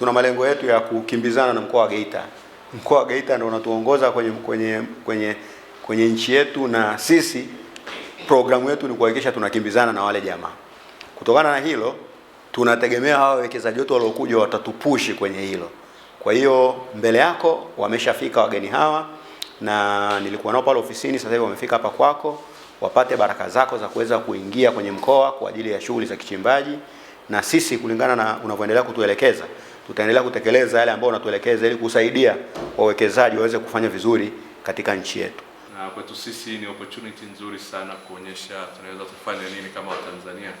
tuna malengo yetu ya kukimbizana na mkoa wa Geita. Mkoa wa Geita ndio unatuongoza kwenye kwenye kwenye kwenye nchi yetu, na sisi programu yetu ni kuhakikisha tunakimbizana na wale jamaa. Kutokana na hilo, tunategemea hawa wawekezaji wetu waliokuja watatupushi kwenye hilo. Kwa hiyo mbele yako wameshafika wageni hawa, na nilikuwa nao pale ofisini, sasa hivi wamefika hapa kwako, wapate baraka zako za kuweza kuingia kwenye mkoa kwa ajili ya shughuli za kichimbaji, na sisi kulingana na unavyoendelea kutuelekeza tutaendelea kutekeleza yale ambayo unatuelekeza ili kusaidia wawekezaji waweze kufanya vizuri katika nchi yetu. Na kwetu sisi ni opportunity nzuri sana kuonyesha tunaweza kufanya nini kama Watanzania.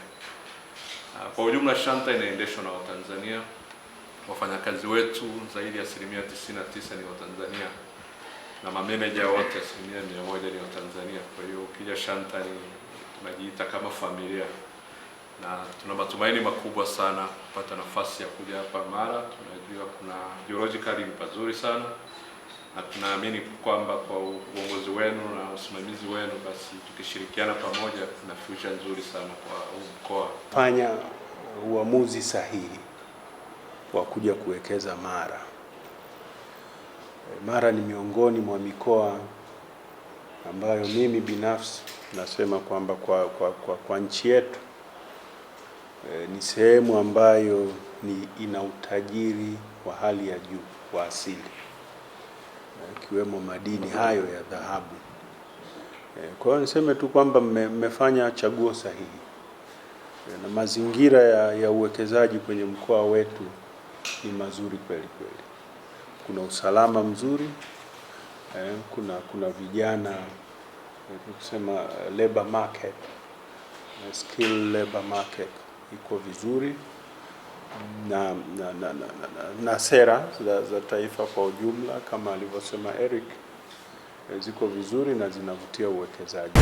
Kwa ujumla, Shanta inaendeshwa na Watanzania. Wafanyakazi wetu zaidi ya asilimia 99 ni Watanzania na mameneja wote asilimia mia moja ni Watanzania. Kwa hiyo ukija Shanta ni tunajiita kama familia na tuna matumaini makubwa sana kupata nafasi ya kuja hapa Mara. Tunajua kuna geologically ni pazuri sana na tunaamini kwamba kwa uongozi wenu na usimamizi wenu, basi tukishirikiana pamoja, kuna future nzuri sana kwa huu mkoa. Fanya uamuzi sahihi wa kuja kuwekeza Mara. Mara ni miongoni mwa mikoa ambayo mimi binafsi nasema kwamba kwa, kwa, kwa, kwa nchi yetu e, ni sehemu ambayo ni ina utajiri wa hali ya juu wa asili eh, ikiwemo madini hayo ya dhahabu e, kwa hiyo niseme tu kwamba mmefanya chaguo sahihi e, na mazingira ya, ya uwekezaji kwenye mkoa wetu ni mazuri kweli kweli. Kuna usalama mzuri e, kuna kuna vijana kusema labor market skill labor market iko vizuri na, na, na, na, na, na sera za, za taifa kwa ujumla kama alivyosema Eric eh, ziko vizuri na zinavutia uwekezaji.